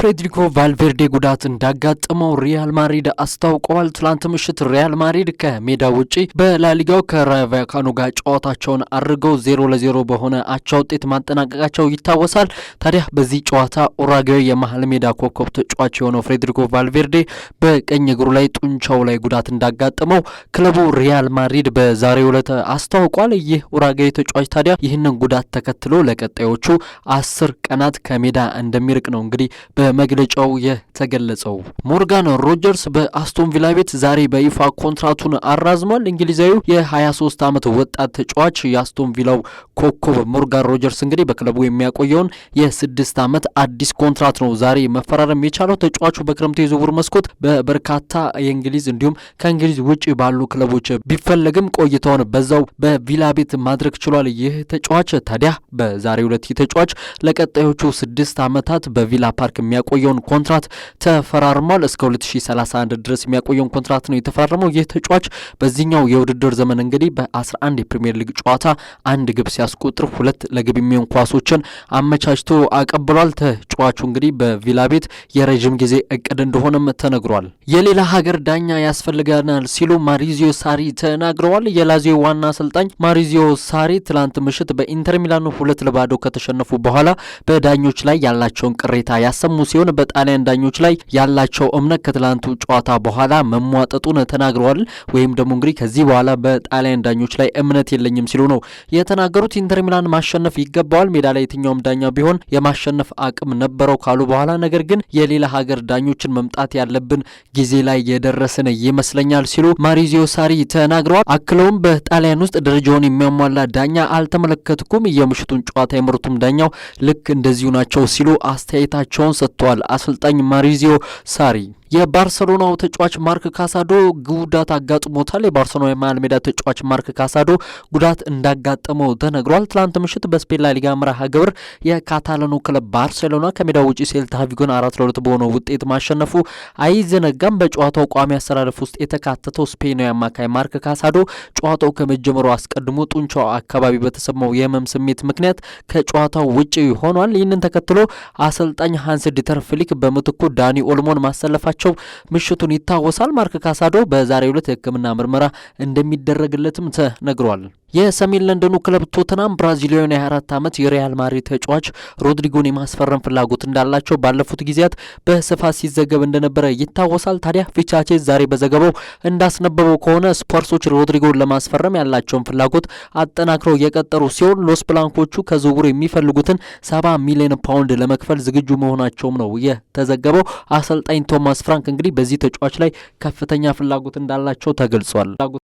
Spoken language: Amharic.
የፍሬድሪኮ ቫልቬርዴ ጉዳት እንዳጋጠመው ሪያል ማድሪድ አስታውቀዋል። ትላንት ምሽት ሪያል ማድሪድ ከሜዳ ውጪ በላሊጋው ከራቫካኑ ጋር ጨዋታቸውን አድርገው ዜሮ ለዜሮ በሆነ አቻ ውጤት ማጠናቀቃቸው ይታወሳል። ታዲያ በዚህ ጨዋታ ኡራጓዊ የመሀል ሜዳ ኮከብ ተጫዋች የሆነው ፍሬድሪኮ ቫልቬርዴ በቀኝ እግሩ ላይ ጡንቻው ላይ ጉዳት እንዳጋጠመው ክለቡ ሪያል ማድሪድ በዛሬው ዕለት አስታውቋል። ይህ ኡራጓዊ ተጫዋች ታዲያ ይህንን ጉዳት ተከትሎ ለቀጣዮቹ አስር ቀናት ከሜዳ እንደሚርቅ ነው እንግዲህ በመግለጫው የተገለጸው። ሞርጋን ሮጀርስ በአስቶን ቪላ ቤት ዛሬ በይፋ ኮንትራቱን አራዝሟል። እንግሊዛዊው የ23 ዓመት ወጣት ተጫዋች የአስቶን ቪላው ኮከብ ሞርጋን ሮጀርስ እንግዲህ በክለቡ የሚያቆየውን የስድስት ዓመት አዲስ ኮንትራት ነው ዛሬ መፈራረም የቻለው። ተጫዋቹ በክረምቱ የዝውውር መስኮት በበርካታ የእንግሊዝ እንዲሁም ከእንግሊዝ ውጭ ባሉ ክለቦች ቢፈለግም ቆይታውን በዛው በቪላ ቤት ማድረግ ችሏል። ይህ ተጫዋች ታዲያ በዛሬ ሁለት ተጫዋች ለቀጣዮቹ ስድስት ዓመታት በቪላ ፓርክ የሚያ የሚያቆየውን ኮንትራት ተፈራርሟል። እስከ 2031 ድረስ የሚያቆየውን ኮንትራት ነው የተፈራረመው። ይህ ተጫዋች በዚህኛው የውድድር ዘመን እንግዲህ በ11 የፕሪምየር ሊግ ጨዋታ አንድ ግብ ሲያስቆጥር ሁለት ለግብ የሚሆን ኳሶችን አመቻችቶ አቀብሏል። ተጫዋቹ እንግዲህ በቪላ ቤት የረዥም ጊዜ እቅድ እንደሆነም ተነግሯል። የሌላ ሀገር ዳኛ ያስፈልገናል ሲሉ ማሪዚዮ ሳሪ ተናግረዋል። የላዚዮ ዋና አሰልጣኝ ማሪዚዮ ሳሪ ትላንት ምሽት በኢንተር ሚላኑ ሁለት ለባዶ ከተሸነፉ በኋላ በዳኞች ላይ ያላቸውን ቅሬታ ያሰሙ ሲሆን በጣሊያን ዳኞች ላይ ያላቸው እምነት ከትላንቱ ጨዋታ በኋላ መሟጠጡን ተናግረዋል። ወይም ደግሞ እንግዲህ ከዚህ በኋላ በጣሊያን ዳኞች ላይ እምነት የለኝም ሲሉ ነው የተናገሩት። ኢንተር ሚላን ማሸነፍ ይገባዋል፣ ሜዳ ላይ የትኛውም ዳኛ ቢሆን የማሸነፍ አቅም ነበረው ካሉ በኋላ ነገር ግን የሌላ ሀገር ዳኞችን መምጣት ያለብን ጊዜ ላይ የደረስን ይመስለኛል ሲሉ ማሪዚዮ ሳሪ ተናግረዋል። አክለውም በጣሊያን ውስጥ ደረጃውን የሚያሟላ ዳኛ አልተመለከትኩም፣ የምሽቱን ጨዋታ የመሩትም ዳኛው ልክ እንደዚሁ ናቸው ሲሉ አስተያየታቸውን ሰጥቷል። ሰጥቷል። አሰልጣኝ ማሪዚዮ ሳሪ የባርሰሎናው ተጫዋች ማርክ ካሳዶ ጉዳት አጋጥሞታል። የባርሰሎና የመሃል ሜዳ ተጫዋች ማርክ ካሳዶ ጉዳት እንዳጋጠመው ተነግሯል። ትላንት ምሽት በስፔን ላሊጋ መርሃ ግብር የካታላኑ ክለብ ባርሴሎና ከሜዳ ውጪ ሴልታ ቪጎን አራት ለሁለት በሆነ ውጤት ማሸነፉ አይዘነጋም። በጨዋታው ቋሚ አሰላለፍ ውስጥ የተካተተው ስፔናዊ አማካይ ማርክ ካሳዶ ጨዋታው ከመጀመሩ አስቀድሞ ጡንቻው አካባቢ በተሰማው የህመም ስሜት ምክንያት ከጨዋታው ውጪ ሆኗል። ይህንን ተከትሎ አሰልጣኝ ሃንስ ዲተር ፍሊክ በምትኩ ዳኒ ኦልሞን ማሰለፋቸው መሆናቸው ምሽቱን ይታወሳል። ማርክ ካሳዶ በዛሬው ዕለት የሕክምና ምርመራ እንደሚደረግለትም ተነግሯል። የሰሜን ለንደኑ ክለብ ቶትናም ብራዚሊያዊን የ24 ዓመት የሪያል ማድሪድ ተጫዋች ሮድሪጎን የማስፈረም ፍላጎት እንዳላቸው ባለፉት ጊዜያት በስፋት ሲዘገብ እንደነበረ ይታወሳል። ታዲያ ፊቻቼ ዛሬ በዘገባው እንዳስነበበው ከሆነ ስፖርሶች ሮድሪጎን ለማስፈረም ያላቸውን ፍላጎት አጠናክረው የቀጠሩ ሲሆን ሎስ ብላንኮቹ ከዝውውሩ የሚፈልጉትን 70 ሚሊዮን ፓውንድ ለመክፈል ዝግጁ መሆናቸውም ነው የተዘገበው። አሰልጣኝ ቶማስ ፍራንክ እንግዲህ በዚህ ተጫዋች ላይ ከፍተኛ ፍላጎት እንዳላቸው ተገልጿል።